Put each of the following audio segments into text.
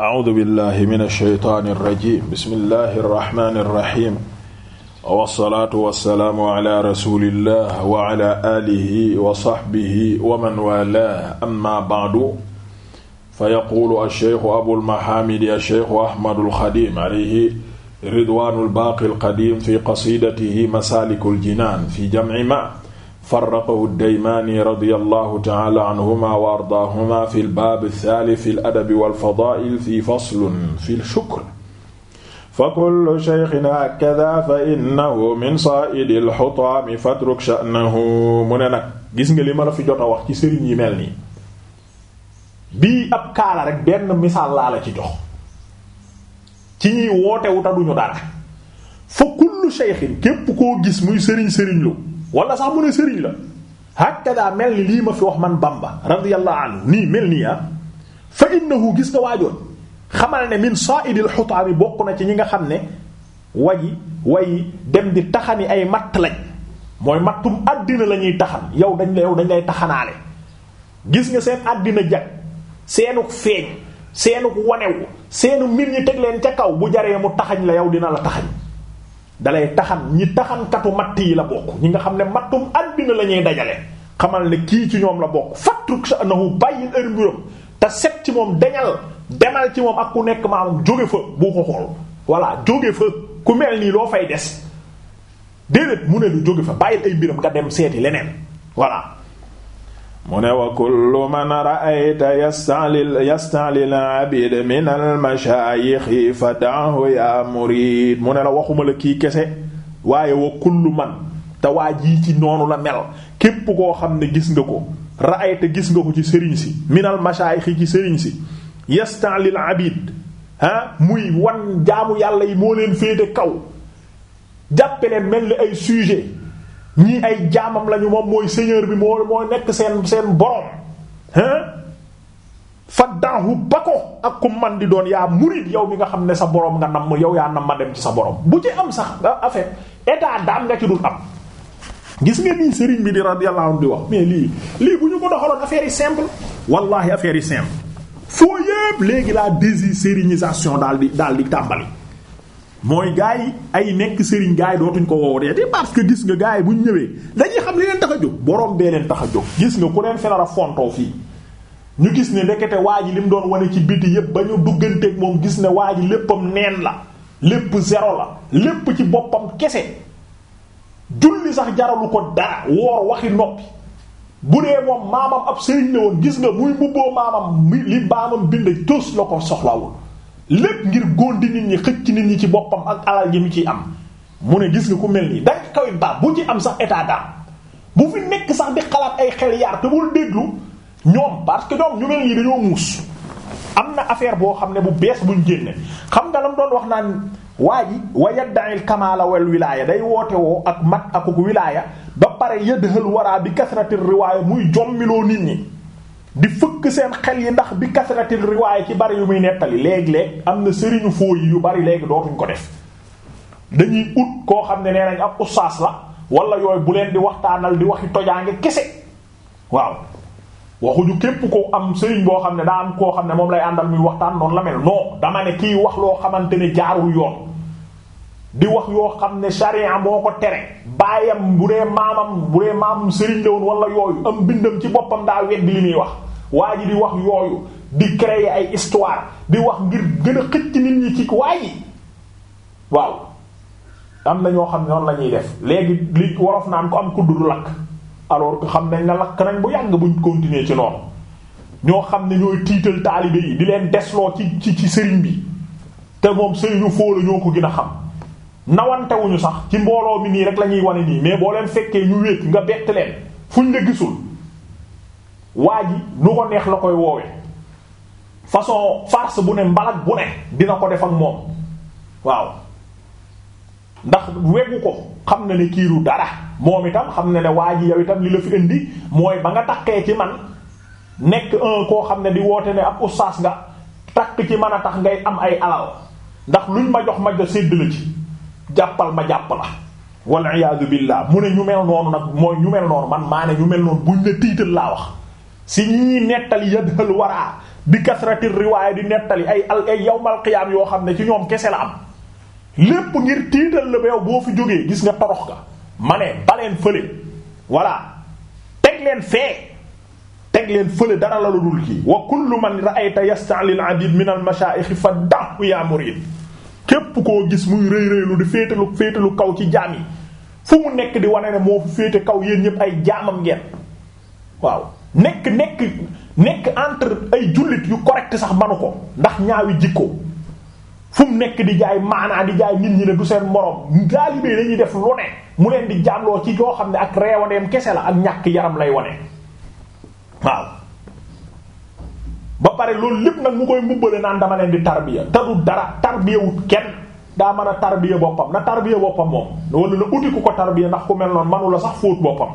a'uudu billahi min ash-shaytaani rajim bismillahi irrahmani irrahim wassalaatu wassalaamu ala rasulillah wa ala aalihi wa sahbihi wa man waalaahu amma ba'du fa yaquulu ash-shaykhu abul mahaamidi ash-shaykhu ahmadul xadiim alayhi ridwaanul baaqil qadiim fi qasiidatihi masaalikul jinaan fi jam'i ma farraqahu daymaani radiyallahu ta'ala anhuma wa ardaahuma fi lbaab ath-thaalith fi al-adab wal-fadaa'il fi faslun fi ash-shukr fa kullu shaykhin hakadha fa innahu min saa'idi al-hutaami fatruk sha'nahu mu ne nag gis nga li ma la fi jot a wax ci sëriñ yi mel nii bii ab kaala rek benn misaal laa la ci jox ci ñuy woote wuta duñu dara fa kullu shaykhin képp koo gis muy sëriñ sëriñ lu wala sax mu ne sëriñ la hakada mel ni lii ma fi wax man Bamba radiyallahu anhu nii mel nii ah fa innahu gis nga waajoon xamal ne min sa'idil xutaami bokk na ci ñi nga xam ne wayi wayi dem di taxani ay matt lañ mooy mattum àddina la ñuy taxan yow dañ la yow dañ lay taxanaale gis nga seen àddina jag seenuk feeñ seenuk wanewu seenu mbir ñi teg leen ca kaw bu jaree mu taxañ la yow dina la taxañ dalay taxan ñi taxankatu matt yi la bokk ñi nga xam ne mattum àddina la ñuy dajale xamal ne kii ci ñoom la bokk fatruk sa anahu bàyyil heure mbiram te set ci moom dañal demal ci moom ak ku nekk maamam jóge fa bu ko xool voilà jóge fa ku mel nii loo fay des déedéet mu ne lu jóge fa bàyyil ay mbiram nga dem seeti leneen voilà mu ne wa kullu man ra'ayta yasta'lil yasta'lil abid min al fa da'hu yaa murid mu ne la waxuma la kii kese waaye wa kullu man te waa jii ci noonu la mel képp koo xam ne gis nga ko ra'ayta gis nga ko ci sëriñ si min al-mashaayixi ci sëriñ si yasta'lil abid ah muy wan jaamu yàlla yi moo leen féete kaw jàppe mel ni ay sujet ñii ay jaamam lañu moom mooy seigneur bi moo moo nekk seen seen borom hein fa daahu ba ko ak ku man di doon yaa murid yow mi nga xam ne sa borom nga namm yow yaa nam ma dem ci sa borom bu ci am sax nga en fait nga ci dul am gis nga nii sëriñ bi di radiyallahu anhu di wax mais lii lii bu ñu ko doxaloon affaire yi simple wallahi affaire yi simple foo yépp léegi la désistérinisation daal di daal di tàmbali mooy gaa yi ay nekk sëriñ gaa yi dootuñ ko woow deeti parce que gis nga gaa yi buñ ñëwee dañuy xam li leen tax a jóg borom bee leen tax a jóg gis nga ku leen fenar a fontoo fii ñu gis ne ndekete waa ji li mu doon wane ci biti yépp ba ñu dugganteeg moom gis ne waa ji léppam neen la lépp zéro la lépp ci boppam kese julli sax jaralu ko dara woor waxi noppi bu dee moom maamam ab sëriñ ne woon gis nga muy mbubboo maamam li baamam bind tos la ko soxlaw lépp ngir góor di nit ñi xëcc nit ñi ci boppam ak alal ji mu ciy am mu ne gis nga ku mel nii danga kaw baax bu ci am sax état d'âme bu fi nekk sax di xalaat ay xel yaar te bul déglu ñoom parce que ñoom ñu mel nii dañoo muus am na affaire boo xam ne bu bees bu buñ génne xam nga lam doon wax naan waa ji wa yadda'il kamaala wal wilaaya day woote woo ak mat akuk wilaaya ba pare yëdëxal waraa bi kasratir riwaaya muy jommiloo nit ñi di fëkk seen xel yi ndax bi kasratil riwaay ci bari yu muy nettali léeg-léeg am na sëriñu fooyi yu bari léegi dootuñ ko def dañuy ut koo xam ne nee nañ ab ustaas la wala yooyu bu leen di waxtaanal di waxi tojaange kese waaw waxuñu képp ko am sëriñ boo xam ne daa am koo xam ne moom lay àndal muy waxtaan noonu la mel non dama ne kii wax loo xamante ne jaarul yoon di wax yoo xam ne sharia boo ko tere baayam bu dee maamam bu dee maamam sëriñ la woon wala yooyu am bindam ci boppam daa weddi li muy wax waa ji di wax yooyu di créer ay histoire di wax ngir gën a xëcc nit ñi ci waa ji waaw am na ñoo xam ne noonu la ñuy def léegi li worof naan ko am ku dul lakk alors xam nañ ne lakk nañ bu yàgg buñ continuer ci noonu ñoo xam ne ñooy tiital taalibe yi di leen desloo ci ci ci sëriñ bi te moom sëriñu foo la ñoo ko gën a xam nawantewuñu sax ci mbooloo mi nii rek la ñuy wane nii mais boo leen fekkee ñu wéet nga bett leen fuñ la gisul waa ji lu ko neex la koy woowe façon farce bu ne mbalak bu ne dina ko def ak moom waaw ndax weggu ko xam na ne kiiru dara moom itam xam ne ne waa ji yow itam li la fi indi mooy ba nga taqee ci man nekk un koo xam ne di woote ne ab ustaas nga takk ci man a tax ngay am ay alal ndax luñ ma jox ma jox sédd la ci jàppal ma jàpp la wal iyaadu billah mu ne ñu mel noonu nag mooy ñu mel noonu man maa ne ñu mel noonu buñ ne tiital laa wax si ñii nettali yadhal waraa bi kasrati riwaaya di nettali ay al ay yawmal qiyaam yoo xam ne ci ñoom kese la am lépp ngir tiital la ba boo fi jógee gis nga torox ga ma ne baleen fële voilà teg leen fee teg leen fële dara la lu dul kii wa kullu man ra'ayta yasta'lil abid min al mashaayikh fa da'u ya murid képp koo gis muy rëy rëylu di féetalu féetalu kaw ci jaam yi fu mu nekk di wane ne moo féete kaw yéen ñëpp ay jaamam ngeen waaw nekk nekk nekk entre ay jullit yu correct sax manu ko ndax ñaawi jikko fu mu nekk di jaay maanaa di jaay nit ñi ne du seen moroom gaalibee dañuy def lu ne mu leen di jaamloo ci yoo xam ne ak reewaneem kese la ak ñàkk yaram lay wane waaw ba pare loolu lépp nag mu koy mbubbale naan dama leen di tarbiya te du dara tarbiya wut kenn daa mën a tarbiya boppam na tarbiya boppam moom wala na uti ku ko tarbiya ndax ku mel noonu manu la sax fóot boppam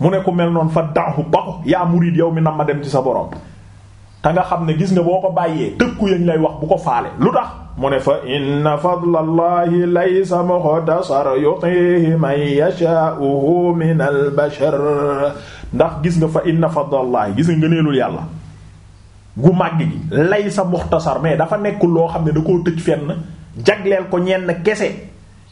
mu ne ku mel noonu fa dànku ba ko yaa murid yow mi na ma dem ci sa borom te nga xam ne gis nga boo ko bàyyee ku yañ lay wax bu ko faale lu tax mu ne fa inna fadlallahi laysa mukhtasar yutihi man yasha'uhu min al bashar ndax gis nga fa inna fadlallahi gis nga ngëneelul yàlla gu màgg gi lay sa muxtasar mais dafa nekkul loo xam ne da koo tëj fenn jagleel ko ñenn kese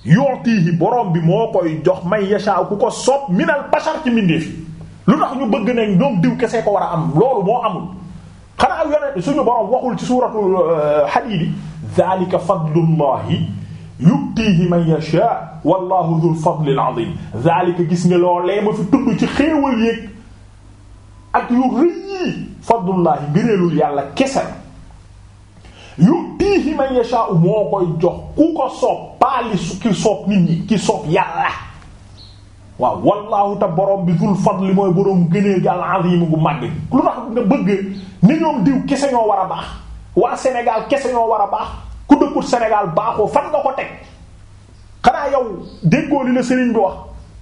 yootiihi borom bi moo koy jox may yasha ku ko soob minal bashar ci mbindeef yi lu tax ñu bëgg ne ñoom diw kese ko war a am loolu moo amul xanaa ak yonent suñu borom waxul ci suuratul euh, hadiid zaalika fadlullahi yutiihi man yasha wallahu dhul fadlil azim zaalika gis nga loolee ma fi tudd ci xéewal yéeg ak yu rëy fadlullaahi ngëneelul yàlla kese yutiihi man yashaa'u moo koy jox ku ko soob paali su ki soob nit ñi ki soob yàlla waaw wallaahu te borom bi dul fadli mooy borom gëneel gi al gu màgg lu tax nga bëgg ni ñoom diw kese ñoo war a baax waa Sénégal kese war a baax ku dëkkut Sénégal baaxoo fan nga ko teg xanaa yow déggoo li la sëriñ bi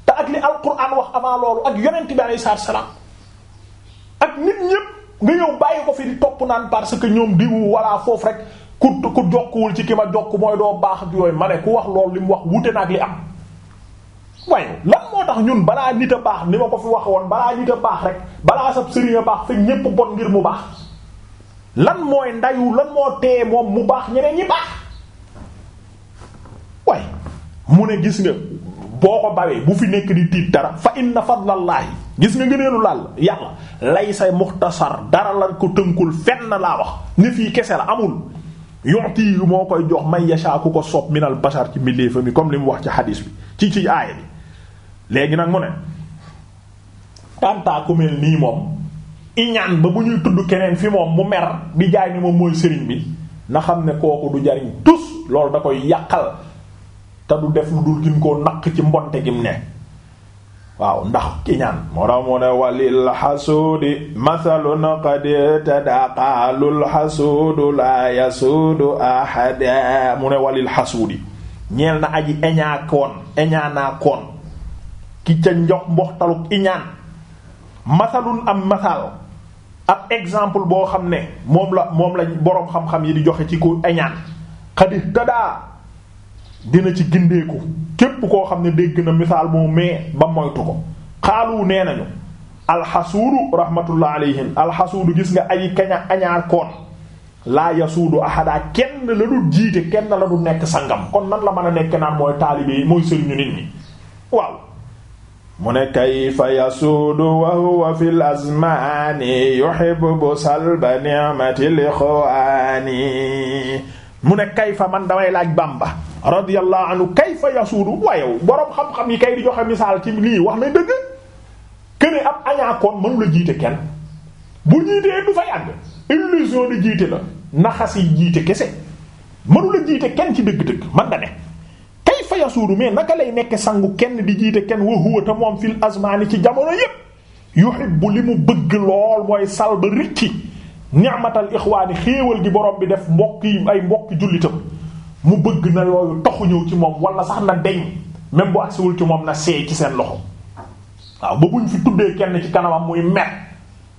te ak li alquran wax avant loolu ak yonent bi alayhi salaam ak nit ñépp nga ñëw bàyyi ko fi di topp naan parce que ñoom diwu walla foofu rek ku ku jokkuwul ci ki ma jokk mooy doo baax ak yooyu ma ne ku wax loolu li mu wax wute na ak li am. waaye lan moo tax ñun balaa nit a baax ni ma ko fi wax woon balaa nit a baax rek balaa sab sëriñ a baax fekk ñépp bon ngir mu baax lan mooy ndayu lan moo tee moom mu baax ñeneen ñi baax waaye mu ne gis nga boo ko bawee bu fi nekk di tiit dara fa inna fadlallahi gis nga ngëneelu lal yàlla lay sa muxtasar dara la ko tënkul fenn laa wax ni fii kese la amul yonti yu moo koy jox may yasha ku ko sopp minal bashar ci mbindeefa mi comme li mu wax ci xadiis bi ci ci aaya bi léegi nag mu ne tàntaa ku mel nii moom iñaan ba bu ñuy tudd keneen fi moom mu mer di jaay ni moom mooy sëriñ bi na xam ne kooku du jariñ tus loolu da koy yàqal te du def lu dul gin koo naq ci mbonte gi mu ne waaw ndax kiñaan moo tax mu ne walil xasuudi mathalun qad tadaqaalul xasuudu laa yasuudu ahada mu ne walil xasuudi ñeel na aji eñaakoon eñaanaakoon ki ca njox mboxtaluk iñaan mathalun am mathal ab exemple boo xam ne moom la moom lañ boroom xam-xam yi di joxe ci ku eñaan qad tadaa dina ci gindeeku képp koo xam ne dégg na misaal moom mais ba moytu ko xaalu nee nañu alxasuudu rahmatullah alayhim alxasuudu gis nga ay kaña añaar koon laa yasuudu ahadaa kenn la du jiite kenn la du nekk sangam kon nan la mën a nekk naan mooy taalibe yi mooy sëriñu nit ñi waaw mu ne kayfa yasuudu wa huwa fi l azmani yuhibbu salba ni'matil ikhwani mu ne kayfa man damay laaj bamba radiyallahu kay kayfa yasuudu wayow borom xam-xam yi kay di joxe misaal ci lii wax na dëgg këne ab añaakoon mënu la jiite kenn bu jiitee du fay àgg illusion de jiite la naxas yi jiite kese mënu la jiite kenn ci dëgg-dëgg man da ne kayfa yasuudu mais naka lay nekk sangu kenn di jiite kenn wa huwa te fi fil azmaani ci jamono yépp yuhibbu li mu bëgg lool mooy salba rikki ni'matal ixwaani xéewal gi borom bi def mbokk yi ay mbokk jullitam mu bëgg na yooyu taxu ñëw ci moom wala sax na deñ même bu agsiwul ci moom na seey ci seen loxo waaw ba buñ fi tuddee kenn ci kanamam muy met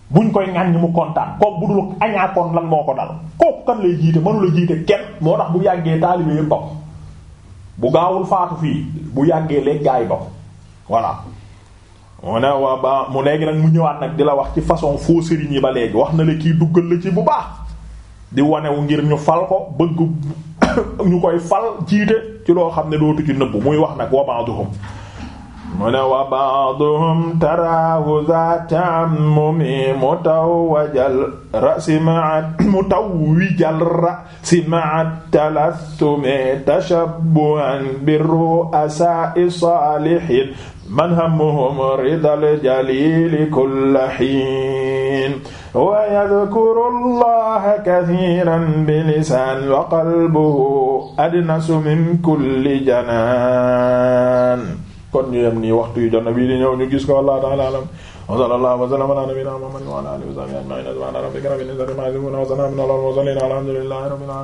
buñ koy ŋàññi mu kontaan kooku bu lan moo ko dal kooku kan lay jiite mënu la jiite kenn moo tax bu yàggee taalibe yëpp ba ko bu gaawul faatu fii bu yàggee léeg gaay ba ko voilà mu ne waa ba mu léegi nag mu ñëwaat nag di la wax ci façon faux sëriñ yi ba léegi wax na la kii duggal la ci bu baax di wanewu ngir ñu fal ko bëgg ñu koy fal jiite ci loo xam ne dootu ci nëbbu muy wax nag wa ba'duhum mu ne wa ba'duhum taraahu zaata ammumi mutawajal ra'si ma'at mutawwijal ra'si ma'at talassumi tashabbuhan bi ru'asaa'i saalihiin man hammuhum ridal jaliili kulla hiin yadkuru allaha kathiran bi lisaan wa qalbuhu adnasu min kulli janaan kon ñu yem nii waxtu yu jonna bi di ñëw ñu gis ko wallahu ta'ala alam wa sallallahu wa sallama ala nabiyyina muhammadin wa ala alihi wa sahbihi ajma'in subhana rabbika rabbil izzati amma yasifun wa salamun ala al mursalin alhamdulillahi rabbil alamin